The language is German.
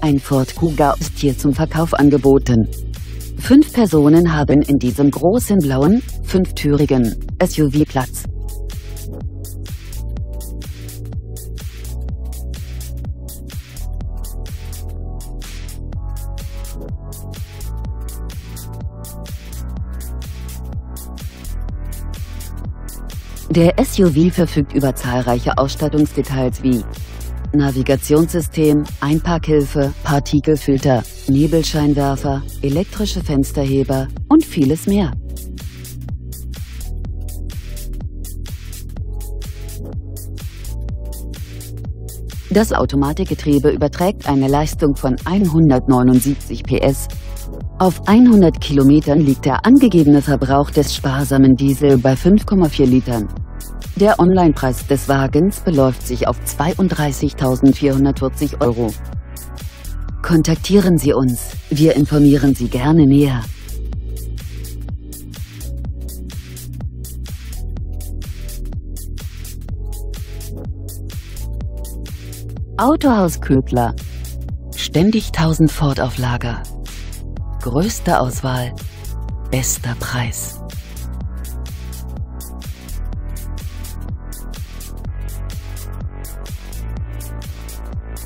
Ein Ford Kuga ist hier zum Verkauf angeboten. Fünf Personen haben in diesem großen blauen, fünftürigen SUV Platz. Der SUV verfügt über zahlreiche Ausstattungsdetails wie Navigationssystem, Einparkhilfe, Partikelfilter, Nebelscheinwerfer, elektrische Fensterheber und vieles mehr. Das Automatikgetriebe überträgt eine Leistung von 179 PS. Auf 100 Kilometern liegt der angegebene Verbrauch des sparsamen Diesel bei 5,4 Litern. Der Onlinepreis des Wagens beläuft sich auf 32.440 Euro. Kontaktieren Sie uns, wir informieren Sie gerne näher. Autohaus Ködler. Ständig 1000 Ford auf Lager. Größte Auswahl, bester Preis.